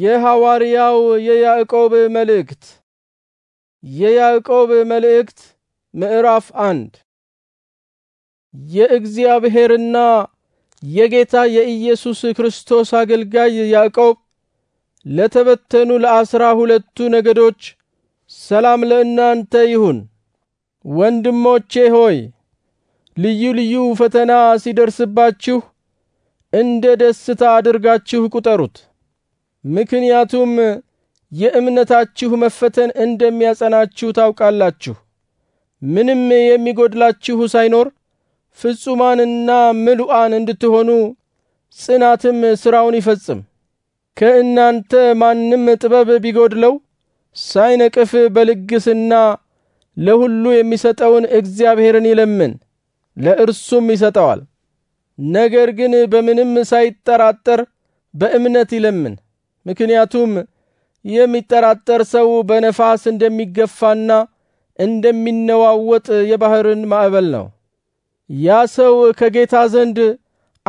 የሐዋርያው የያዕቆብ መልእክት የያዕቆብ መልእክት ምዕራፍ አንድ የእግዚአብሔርና የጌታ የኢየሱስ ክርስቶስ አገልጋይ ያዕቆብ ለተበተኑ ለአስራ ሁለቱ ነገዶች ሰላም ለእናንተ ይሁን። ወንድሞቼ ሆይ ልዩ ልዩ ፈተና ሲደርስባችሁ እንደ ደስታ አድርጋችሁ ቁጠሩት። ምክንያቱም የእምነታችሁ መፈተን እንደሚያጸናችሁ ታውቃላችሁ። ምንም የሚጎድላችሁ ሳይኖር ፍጹማንና ምሉዓን እንድትሆኑ ጽናትም ሥራውን ይፈጽም። ከእናንተ ማንም ጥበብ ቢጎድለው ሳይነቅፍ በልግስና ለሁሉ የሚሰጠውን እግዚአብሔርን ይለምን፣ ለእርሱም ይሰጠዋል። ነገር ግን በምንም ሳይጠራጠር በእምነት ይለምን። ምክንያቱም የሚጠራጠር ሰው በነፋስ እንደሚገፋና እንደሚነዋወጥ የባሕርን ማዕበል ነው። ያ ሰው ከጌታ ዘንድ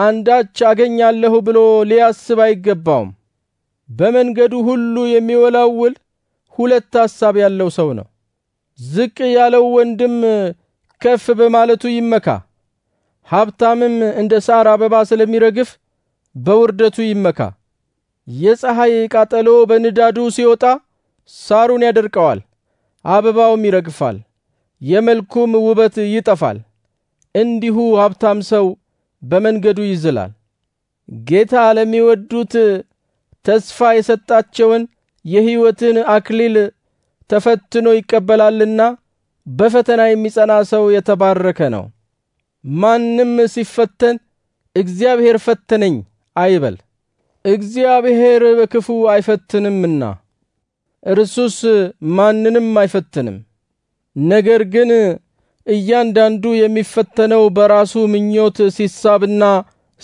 አንዳች አገኛለሁ ብሎ ሊያስብ አይገባውም። በመንገዱ ሁሉ የሚወላውል ሁለት ሐሳብ ያለው ሰው ነው። ዝቅ ያለው ወንድም ከፍ በማለቱ ይመካ፣ ሀብታምም እንደ ሳር አበባ ስለሚረግፍ በውርደቱ ይመካ። የፀሐይ ቃጠሎ በንዳዱ ሲወጣ ሳሩን ያደርቀዋል፣ አበባውም ይረግፋል፣ የመልኩም ውበት ይጠፋል። እንዲሁ ሀብታም ሰው በመንገዱ ይዝላል። ጌታ ለሚወዱት ተስፋ የሰጣቸውን የሕይወትን አክሊል ተፈትኖ ይቀበላልና በፈተና የሚጸና ሰው የተባረከ ነው። ማንም ሲፈተን እግዚአብሔር ፈተነኝ አይበል። እግዚአብሔር በክፉ አይፈትንምና እርሱስ ማንንም አይፈትንም። ነገር ግን እያንዳንዱ የሚፈተነው በራሱ ምኞት ሲሳብና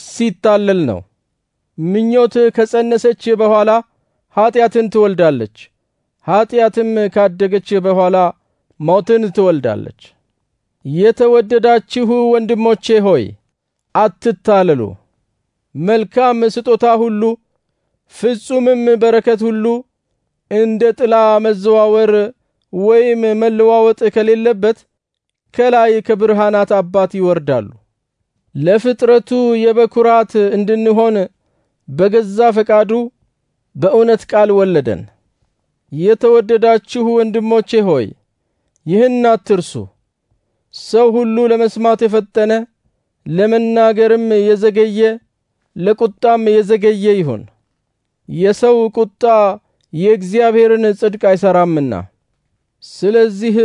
ሲታለል ነው። ምኞት ከጸነሰች በኋላ ኀጢአትን ትወልዳለች። ኀጢአትም ካደገች በኋላ ሞትን ትወልዳለች። የተወደዳችሁ ወንድሞቼ ሆይ አትታለሉ። መልካም ስጦታ ሁሉ ፍጹምም በረከት ሁሉ እንደ ጥላ መዘዋወር ወይም መለዋወጥ ከሌለበት ከላይ ከብርሃናት አባት ይወርዳሉ። ለፍጥረቱ የበኩራት እንድንሆን በገዛ ፈቃዱ በእውነት ቃል ወለደን። የተወደዳችሁ ወንድሞቼ ሆይ ይህን አትርሱ። ሰው ሁሉ ለመስማት የፈጠነ ለመናገርም የዘገየ ለቁጣም የዘገየ ይሁን። የሰው ቁጣ የእግዚአብሔርን ጽድቅ አይሰራምና። ስለዚህ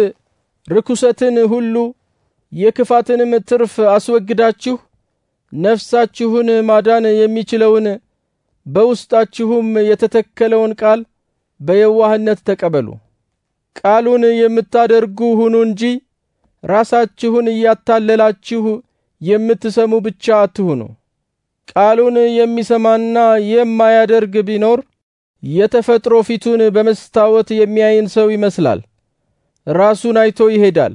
ርኩሰትን ሁሉ የክፋትንም ትርፍ አስወግዳችሁ ነፍሳችሁን ማዳን የሚችለውን በውስጣችሁም የተተከለውን ቃል በየዋህነት ተቀበሉ። ቃሉን የምታደርጉ ሁኑ እንጂ ራሳችሁን እያታለላችሁ የምትሰሙ ብቻ አትሁኑ። ቃሉን የሚሰማና የማያደርግ ቢኖር የተፈጥሮ ፊቱን በመስታወት የሚያይን ሰው ይመስላል። ራሱን አይቶ ይሄዳል፣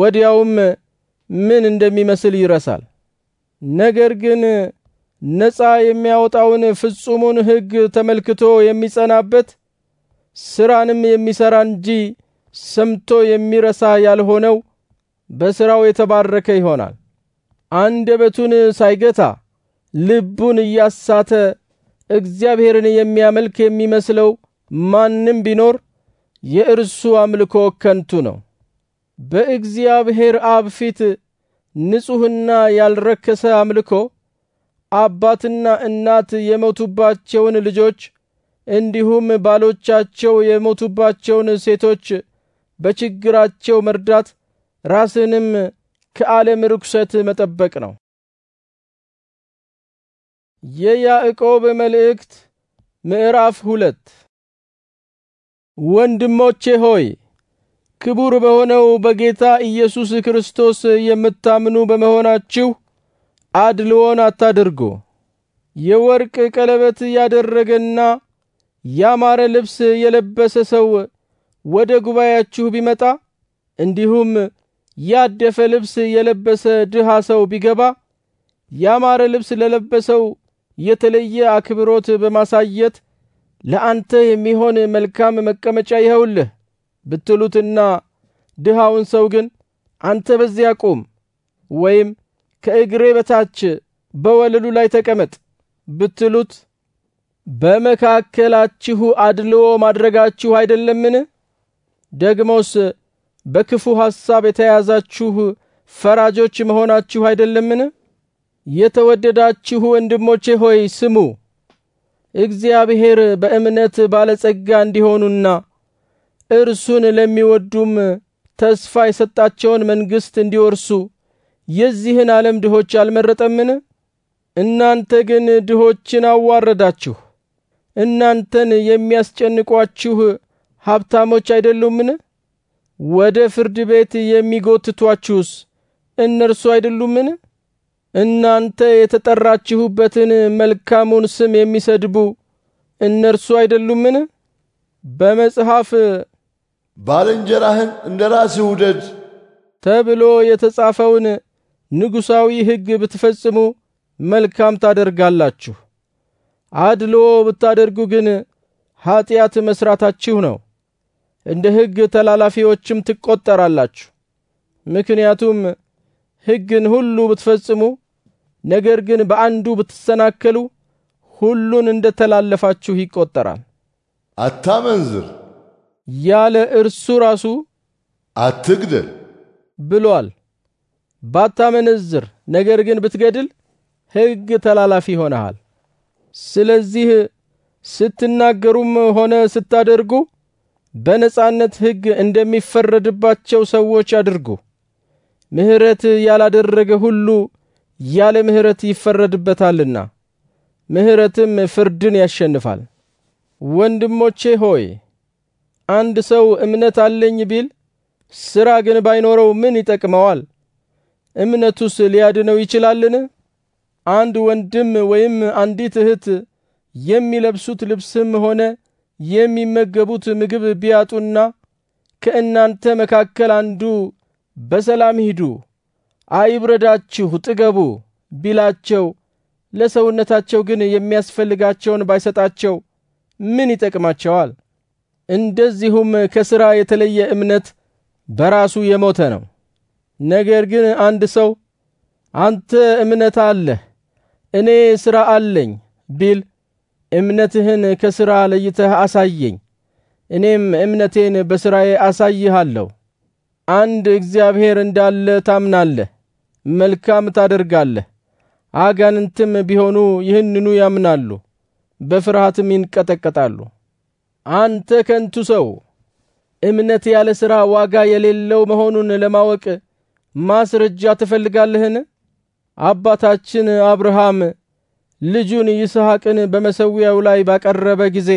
ወዲያውም ምን እንደሚመስል ይረሳል። ነገር ግን ነፃ የሚያወጣውን ፍጹሙን ሕግ ተመልክቶ የሚጸናበት ስራንም የሚሰራ እንጂ ሰምቶ የሚረሳ ያልሆነው በስራው የተባረከ ይሆናል። አንደበቱን ሳይገታ ልቡን እያሳተ እግዚአብሔርን የሚያመልክ የሚመስለው ማንም ቢኖር የእርሱ አምልኮ ከንቱ ነው። በእግዚአብሔር አብ ፊት ንጹሕና ያልረከሰ አምልኮ አባትና እናት የሞቱባቸውን ልጆች እንዲሁም ባሎቻቸው የሞቱባቸውን ሴቶች በችግራቸው መርዳት ራስንም ከዓለም ርኩሰት መጠበቅ ነው። የያዕቆብ መልእክት ምዕራፍ ሁለት ወንድሞቼ ሆይ ክቡር በሆነው በጌታ ኢየሱስ ክርስቶስ የምታምኑ በመሆናችሁ አድልዎን አታድርጉ። የወርቅ ቀለበት ያደረገና ያማረ ልብስ የለበሰ ሰው ወደ ጉባኤያችሁ ቢመጣ እንዲሁም ያደፈ ልብስ የለበሰ ድሃ ሰው ቢገባ ያማረ ልብስ ለለበሰው የተለየ አክብሮት በማሳየት ለአንተ የሚሆን መልካም መቀመጫ ይኸውልህ ብትሉትና ድሃውን ሰው ግን አንተ በዚያ ቁም ወይም ከእግሬ በታች በወለሉ ላይ ተቀመጥ ብትሉት በመካከላችሁ አድልዎ ማድረጋችሁ አይደለምን? ደግሞስ በክፉ ሐሳብ የተያዛችሁ ፈራጆች መሆናችሁ አይደለምን? የተወደዳችሁ ወንድሞቼ ሆይ ስሙ። እግዚአብሔር በእምነት ባለጸጋ እንዲሆኑና እርሱን ለሚወዱም ተስፋ የሰጣቸውን መንግሥት እንዲወርሱ የዚህን ዓለም ድሆች አልመረጠምን? እናንተ ግን ድሆችን አዋረዳችሁ። እናንተን የሚያስጨንቋችሁ ሀብታሞች አይደሉምን? ወደ ፍርድ ቤት የሚጎትቷችሁስ እነርሱ አይደሉምን? እናንተ የተጠራችሁበትን መልካሙን ስም የሚሰድቡ እነርሱ አይደሉምን? በመጽሐፍ ባልንጀራህን እንደ ራስህ ውደድ ተብሎ የተጻፈውን ንጉሣዊ ሕግ ብትፈጽሙ መልካም ታደርጋላችሁ። አድሎ ብታደርጉ ግን ኀጢአት መስራታችሁ ነው፣ እንደ ሕግ ተላላፊዎችም ትቈጠራላችሁ። ምክንያቱም ሕግን ሁሉ ብትፈጽሙ ነገር ግን በአንዱ ብትሰናከሉ ሁሉን እንደ ተላለፋችሁ ይቆጠራል። አታመንዝር ያለ እርሱ ራሱ አትግደል ብሏል። ባታመነዝር ነገር ግን ብትገድል ሕግ ተላላፊ ሆነሃል። ስለዚህ ስትናገሩም ሆነ ስታደርጉ በነጻነት ሕግ እንደሚፈረድባቸው ሰዎች አድርጉ። ምሕረት ያላደረገ ሁሉ ያለ ምሕረት ይፈረድበታልና ምሕረትም ፍርድን ያሸንፋል። ወንድሞቼ ሆይ አንድ ሰው እምነት አለኝ ቢል ሥራ ግን ባይኖረው ምን ይጠቅመዋል? እምነቱስ ሊያድነው ይችላልን? አንድ ወንድም ወይም አንዲት እህት የሚለብሱት ልብስም ሆነ የሚመገቡት ምግብ ቢያጡና ከእናንተ መካከል አንዱ በሰላም ሂዱ አይብረዳችሁ ጥገቡ ቢላቸው ለሰውነታቸው ግን የሚያስፈልጋቸውን ባይሰጣቸው ምን ይጠቅማቸዋል? እንደዚሁም ከሥራ የተለየ እምነት በራሱ የሞተ ነው። ነገር ግን አንድ ሰው አንተ እምነት አለህ፣ እኔ ሥራ አለኝ ቢል እምነትህን ከሥራ ለይተህ አሳየኝ፣ እኔም እምነቴን በሥራዬ አሳይሃለሁ። አንድ እግዚአብሔር እንዳለ ታምናለህ። መልካም ታደርጋለህ። አጋንንትም ቢሆኑ ይህንኑ ያምናሉ፣ በፍርሃትም ይንቀጠቀጣሉ። አንተ ከንቱ ሰው፣ እምነት ያለ ሥራ ዋጋ የሌለው መሆኑን ለማወቅ ማስረጃ ትፈልጋለህን? አባታችን አብርሃም ልጁን ይስሐቅን በመሠዊያው ላይ ባቀረበ ጊዜ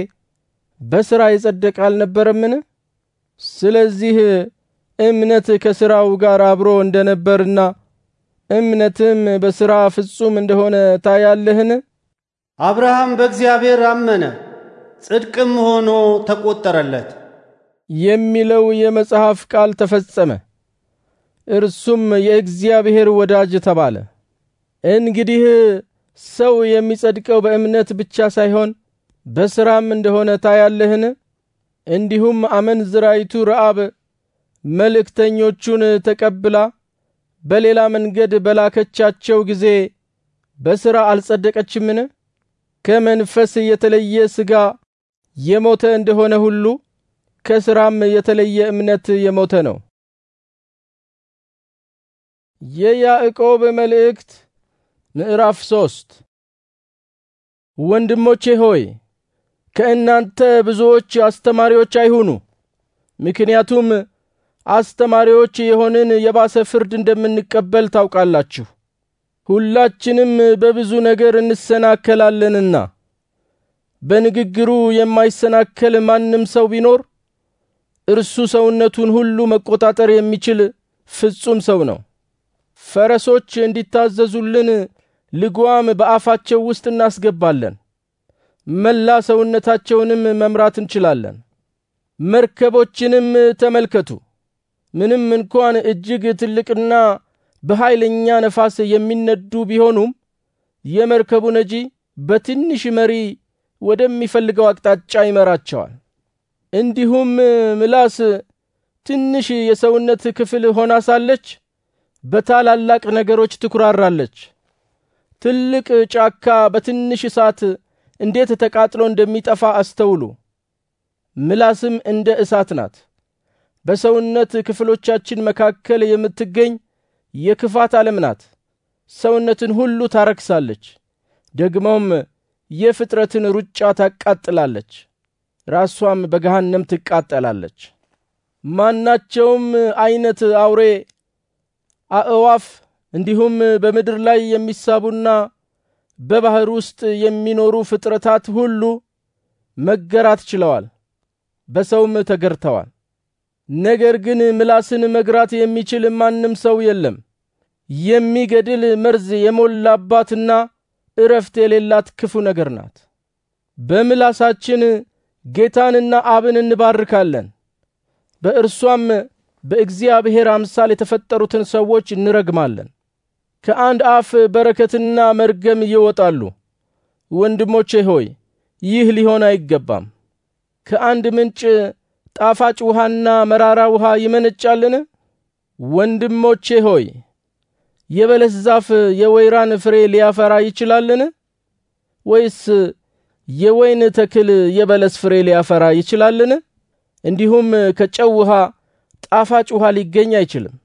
በሥራ የጸደቀ አልነበረምን? ስለዚህ እምነት ከሥራው ጋር አብሮ ነበርና እምነትም በሥራ ፍጹም እንደሆነ ታያለህን? አብርሃም በእግዚአብሔር አመነ ጽድቅም ሆኖ ተቆጠረለት የሚለው የመጽሐፍ ቃል ተፈጸመ። እርሱም የእግዚአብሔር ወዳጅ ተባለ። እንግዲህ ሰው የሚጸድቀው በእምነት ብቻ ሳይሆን በሥራም እንደሆነ ታያለህን? እንዲሁም አመንዝራይቱ ረአብ መልእክተኞቹን ተቀብላ በሌላ መንገድ በላከቻቸው ጊዜ በሥራ አልጸደቀችምን? ከመንፈስ የተለየ ሥጋ የሞተ እንደሆነ ሁሉ ከሥራም የተለየ እምነት የሞተ ነው። የያዕቆብ መልእክት ምዕራፍ ሶስት ወንድሞቼ ሆይ ከእናንተ ብዙዎች አስተማሪዎች አይሁኑ፣ ምክንያቱም አስተማሪዎች የሆንን የባሰ ፍርድ እንደምንቀበል ታውቃላችሁ። ሁላችንም በብዙ ነገር እንሰናከላለንና በንግግሩ የማይሰናከል ማንም ሰው ቢኖር እርሱ ሰውነቱን ሁሉ መቆጣጠር የሚችል ፍጹም ሰው ነው። ፈረሶች እንዲታዘዙልን ልጓም በአፋቸው ውስጥ እናስገባለን። መላ ሰውነታቸውንም መምራት እንችላለን። መርከቦችንም ተመልከቱ። ምንም እንኳን እጅግ ትልቅና በኃይለኛ ነፋስ የሚነዱ ቢሆኑም የመርከቡ ነጂ በትንሽ መሪ ወደሚፈልገው አቅጣጫ ይመራቸዋል። እንዲሁም ምላስ ትንሽ የሰውነት ክፍል ሆና ሳለች በታላላቅ ነገሮች ትኩራራለች። ትልቅ ጫካ በትንሽ እሳት እንዴት ተቃጥሎ እንደሚጠፋ አስተውሉ። ምላስም እንደ እሳት ናት። በሰውነት ክፍሎቻችን መካከል የምትገኝ የክፋት ዓለም ናት። ሰውነትን ሁሉ ታረክሳለች፣ ደግሞም የፍጥረትን ሩጫ ታቃጥላለች። ራሷም በገሃነም ትቃጠላለች። ማናቸውም አይነት አውሬ፣ አእዋፍ እንዲሁም በምድር ላይ የሚሳቡና በባህር ውስጥ የሚኖሩ ፍጥረታት ሁሉ መገራት ችለዋል፣ በሰውም ተገርተዋል። ነገር ግን ምላስን መግራት የሚችል ማንም ሰው የለም። የሚገድል መርዝ የሞላባትና እረፍት የሌላት ክፉ ነገር ናት። በምላሳችን ጌታንና አብን እንባርካለን፣ በእርሷም በእግዚአብሔር አምሳል የተፈጠሩትን ሰዎች እንረግማለን። ከአንድ አፍ በረከትና መርገም ይወጣሉ። ወንድሞቼ ሆይ ይህ ሊሆን አይገባም። ከአንድ ምንጭ ጣፋጭ ውሃና መራራ ውሃ ይመነጫልን? ወንድሞቼ ሆይ የበለስ ዛፍ የወይራን ፍሬ ሊያፈራ ይችላልን? ወይስ የወይን ተክል የበለስ ፍሬ ሊያፈራ ይችላልን? እንዲሁም ከጨው ውሃ ጣፋጭ ውሃ ሊገኝ አይችልም።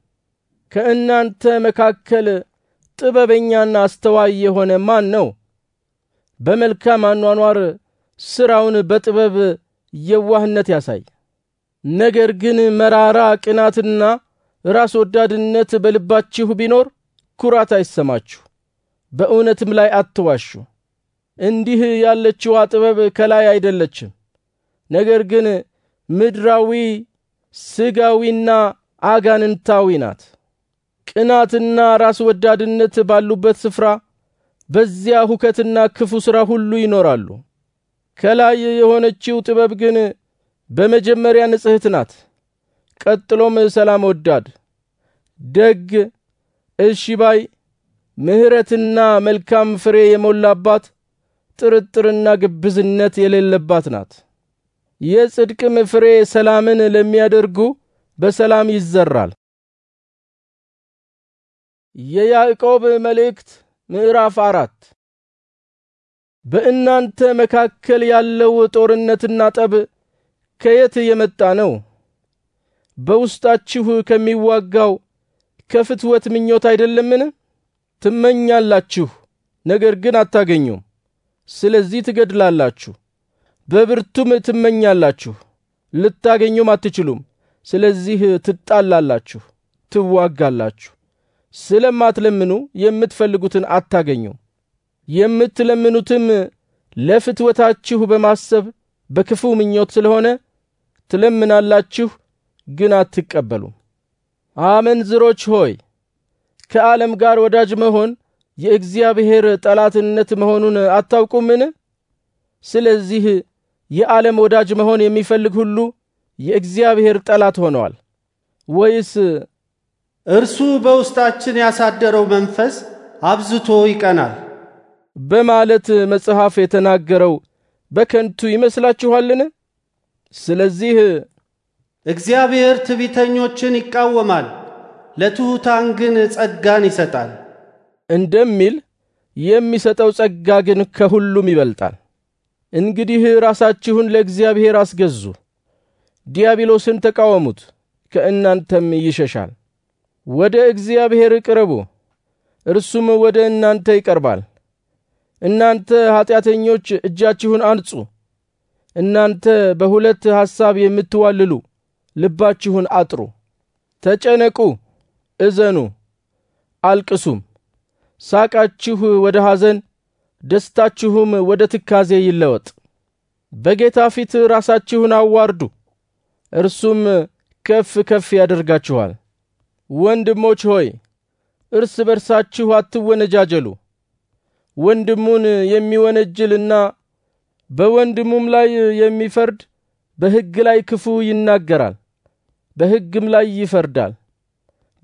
ከእናንተ መካከል ጥበበኛና አስተዋይ የሆነ ማን ነው? በመልካም አኗኗር ስራውን በጥበብ የዋህነት ያሳይ። ነገር ግን መራራ ቅናትና ራስ ወዳድነት በልባችሁ ቢኖር ኩራት አይሰማችሁ፣ በእውነትም ላይ አትዋሹ። እንዲህ ያለችዋ ጥበብ ከላይ አይደለችም፣ ነገር ግን ምድራዊ ስጋዊና አጋንንታዊ ናት። ቅናትና ራስ ወዳድነት ባሉበት ስፍራ በዚያ ሁከትና ክፉ ሥራ ሁሉ ይኖራሉ። ከላይ የሆነችው ጥበብ ግን በመጀመሪያ ንጽሕት ናት፣ ቀጥሎም ሰላም ወዳድ፣ ደግ፣ እሺ ባይ፣ ምሕረትና መልካም ፍሬ የሞላባት ጥርጥርና ግብዝነት የሌለባት ናት። የጽድቅም ፍሬ ሰላምን ለሚያደርጉ በሰላም ይዘራል። የያዕቆብ መልእክት ምዕራፍ አራት በእናንተ መካከል ያለው ጦርነትና ጠብ ከየት የመጣ ነው? በውስጣችሁ ከሚዋጋው ከፍትወት ምኞት አይደለምን? ትመኛላችሁ፣ ነገር ግን አታገኙም። ስለዚህ ትገድላላችሁ። በብርቱም ትመኛላችሁ፣ ልታገኙም አትችሉም። ስለዚህ ትጣላላችሁ፣ ትዋጋላችሁ። ስለማትለምኑ የምትፈልጉትን አታገኙም። የምትለምኑትም ለፍትወታችሁ በማሰብ በክፉ ምኞት ስለሆነ ትለምናላችሁ፣ ግን አትቀበሉም። አመንዝሮች ሆይ ከዓለም ጋር ወዳጅ መሆን የእግዚአብሔር ጠላትነት መሆኑን አታውቁምን? ስለዚህ የዓለም ወዳጅ መሆን የሚፈልግ ሁሉ የእግዚአብሔር ጠላት ሆነዋል። ወይስ እርሱ በውስጣችን ያሳደረው መንፈስ አብዝቶ ይቀናል በማለት መጽሐፍ የተናገረው በከንቱ ይመስላችኋልን? ስለዚህ እግዚአብሔር ትቢተኞችን ይቃወማል፣ ለትሑታን ግን ጸጋን ይሰጣል እንደሚል የሚሰጠው ጸጋ ግን ከሁሉም ይበልጣል። እንግዲህ ራሳችሁን ለእግዚአብሔር አስገዙ፣ ዲያብሎስን ተቃወሙት፣ ከእናንተም ይሸሻል። ወደ እግዚአብሔር ቅረቡ፣ እርሱም ወደ እናንተ ይቀርባል። እናንተ ኀጢአተኞች እጃችሁን አንጹ እናንተ በሁለት ሐሳብ የምትዋልሉ ልባችሁን አጥሩ። ተጨነቁ፣ እዘኑ፣ አልቅሱም። ሳቃችሁ ወደ ሐዘን፣ ደስታችሁም ወደ ትካዜ ይለወጥ። በጌታ ፊት ራሳችሁን አዋርዱ፣ እርሱም ከፍ ከፍ ያደርጋችኋል። ወንድሞች ሆይ እርስ በርሳችሁ አትወነጃጀሉ። ወንድሙን የሚወነጅልና በወንድሙም ላይ የሚፈርድ በሕግ ላይ ክፉ ይናገራል፣ በሕግም ላይ ይፈርዳል።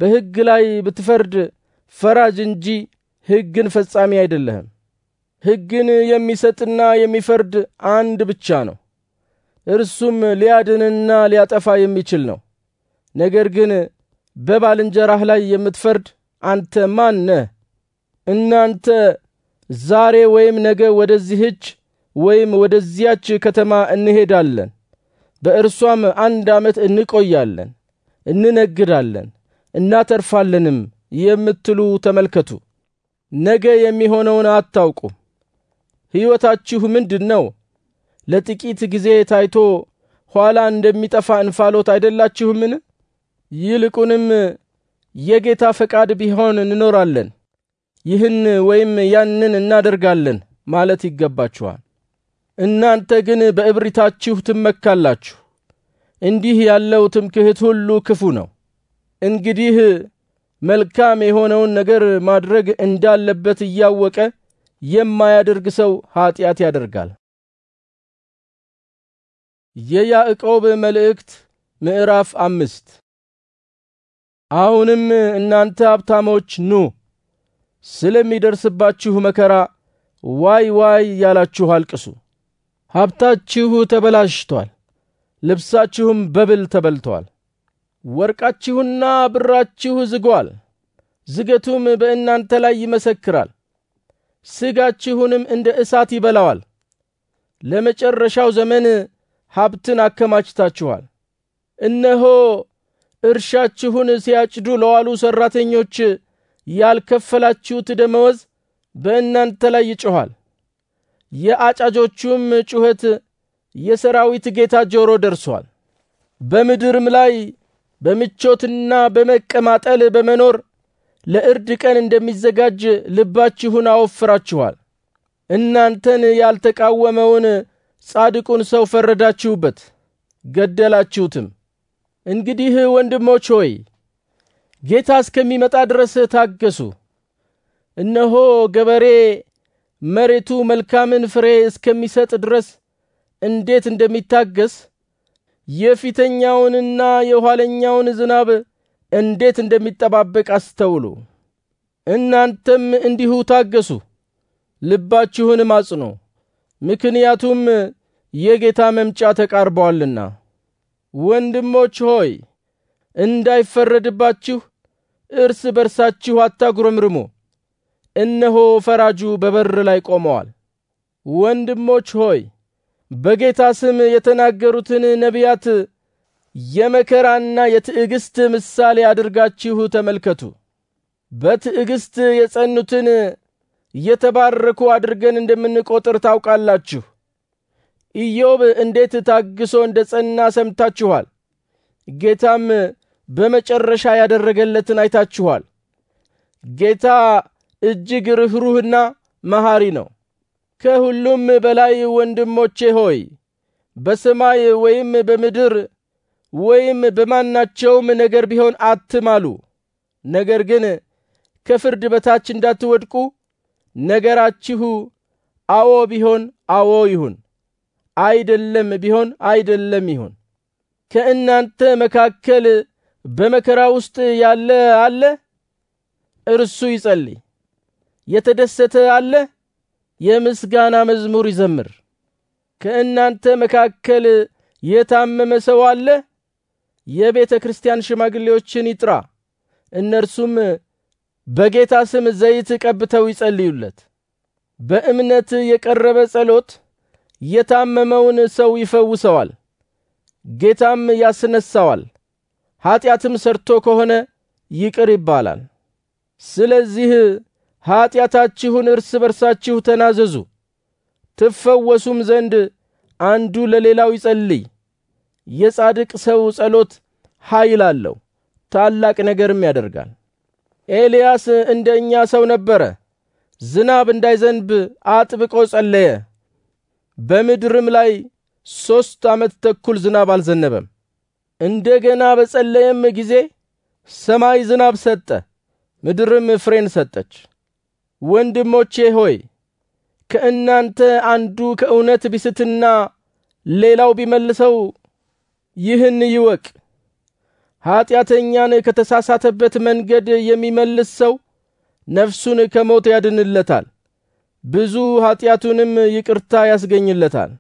በሕግ ላይ ብትፈርድ ፈራጅ እንጂ ሕግን ፈጻሚ አይደለህም። ሕግን የሚሰጥና የሚፈርድ አንድ ብቻ ነው፣ እርሱም ሊያድንና ሊያጠፋ የሚችል ነው። ነገር ግን በባልንጀራህ ላይ የምትፈርድ አንተ ማን ነህ? እናንተ ዛሬ ወይም ነገ ወደዚህች ወይም ወደዚያች ከተማ እንሄዳለን፣ በእርሷም አንድ ዓመት እንቆያለን፣ እንነግዳለን፣ እናተርፋለንም የምትሉ ተመልከቱ። ነገ የሚሆነውን አታውቁም። ሕይወታችሁ ምንድን ነው? ለጥቂት ጊዜ ታይቶ ኋላ እንደሚጠፋ እንፋሎት አይደላችሁምን? ይልቁንም የጌታ ፈቃድ ቢሆን እንኖራለን፣ ይህን ወይም ያንን እናደርጋለን ማለት ይገባችኋል። እናንተ ግን በእብሪታችሁ ትመካላችሁ። እንዲህ ያለው ትምክህት ሁሉ ክፉ ነው። እንግዲህ መልካም የሆነውን ነገር ማድረግ እንዳለበት እያወቀ የማያደርግ ሰው ኀጢአት ያደርጋል። የያዕቆብ መልእክት ምዕራፍ አምስት አሁንም እናንተ ሀብታሞች ኑ፣ ስለሚደርስባችሁ መከራ ዋይ ዋይ ያላችሁ አልቅሱ። ሀብታችሁ ተበላሽቷል፣ ልብሳችሁም በብል ተበልቷል። ወርቃችሁና ብራችሁ ዝጓል፣ ዝገቱም በእናንተ ላይ ይመሰክራል፣ ስጋችሁንም እንደ እሳት ይበላዋል። ለመጨረሻው ዘመን ሀብትን አከማችታችኋል። እነሆ እርሻችሁን ሲያጭዱ ለዋሉ ሰራተኞች ያልከፈላችሁት ደመወዝ በእናንተ ላይ ይጮኋል። የአጫጆቹም ጩኸት የሰራዊት ጌታ ጆሮ ደርሷል። በምድርም ላይ በምቾትና በመቀማጠል በመኖር ለእርድ ቀን እንደሚዘጋጅ ልባችሁን አወፍራችኋል። እናንተን ያልተቃወመውን ጻድቁን ሰው ፈረዳችሁበት፣ ገደላችሁትም። እንግዲህ ወንድሞች ሆይ ጌታ እስከሚመጣ ድረስ ታገሱ። እነሆ ገበሬ መሬቱ መልካምን ፍሬ እስከሚሰጥ ድረስ እንዴት እንደሚታገስ የፊተኛውንና የኋለኛውን ዝናብ እንዴት እንደሚጠባበቅ አስተውሉ። እናንተም እንዲሁ ታገሱ፣ ልባችሁንም አጽኑ፣ ምክንያቱም የጌታ መምጫ ተቃርበዋልና። ወንድሞች ሆይ እንዳይፈረድባችሁ እርስ በርሳችሁ አታጉረምርሙ። እነሆ ፈራጁ በበር ላይ ቆመዋል። ወንድሞች ሆይ በጌታ ስም የተናገሩትን ነቢያት የመከራና የትዕግስት ምሳሌ አድርጋችሁ ተመልከቱ። በትዕግስት የጸኑትን የተባረኩ አድርገን እንደምንቆጥር ታውቃላችሁ። ኢዮብ እንዴት ታግሶ እንደ ጸና ሰምታችኋል። ጌታም በመጨረሻ ያደረገለትን አይታችኋል። ጌታ እጅግ ርኅሩህና መሐሪ ነው። ከሁሉም በላይ ወንድሞቼ ሆይ በሰማይ ወይም በምድር ወይም በማናቸውም ነገር ቢሆን አትማሉ። ነገር ግን ከፍርድ በታች እንዳትወድቁ ነገራችሁ አዎ ቢሆን አዎ ይሁን፣ አይደለም ቢሆን አይደለም ይሁን። ከእናንተ መካከል በመከራ ውስጥ ያለ አለ? እርሱ ይጸልይ። የተደሰተ አለ? የምስጋና መዝሙር ይዘምር። ከእናንተ መካከል የታመመ ሰው አለ? የቤተ ክርስቲያን ሽማግሌዎችን ይጥራ፣ እነርሱም በጌታ ስም ዘይት ቀብተው ይጸልዩለት። በእምነት የቀረበ ጸሎት የታመመውን ሰው ይፈውሰዋል፣ ጌታም ያስነሳዋል። ኀጢአትም ሰርቶ ከሆነ ይቅር ይባላል። ስለዚህ ኀጢአታችሁን እርስ በርሳችሁ ተናዘዙ ትፈወሱም ዘንድ አንዱ ለሌላው ይጸልይ። የጻድቅ ሰው ጸሎት ኃይል አለው፣ ታላቅ ነገርም ያደርጋል። ኤልያስ እንደ እኛ ሰው ነበረ። ዝናብ እንዳይዘንብ አጥብቆ ጸለየ። በምድርም ላይ ሦስት ዓመት ተኩል ዝናብ አልዘነበም። እንደገና በጸለየም ጊዜ ሰማይ ዝናብ ሰጠ፣ ምድርም ፍሬን ሰጠች። ወንድሞቼ ሆይ ከእናንተ አንዱ ከእውነት ቢስትና ሌላው ቢመልሰው ይህን ይወቅ። ኀጢአተኛን ከተሳሳተበት መንገድ የሚመልስ ሰው ነፍሱን ከሞት ያድንለታል፣ ብዙ ኀጢአቱንም ይቅርታ ያስገኝለታል።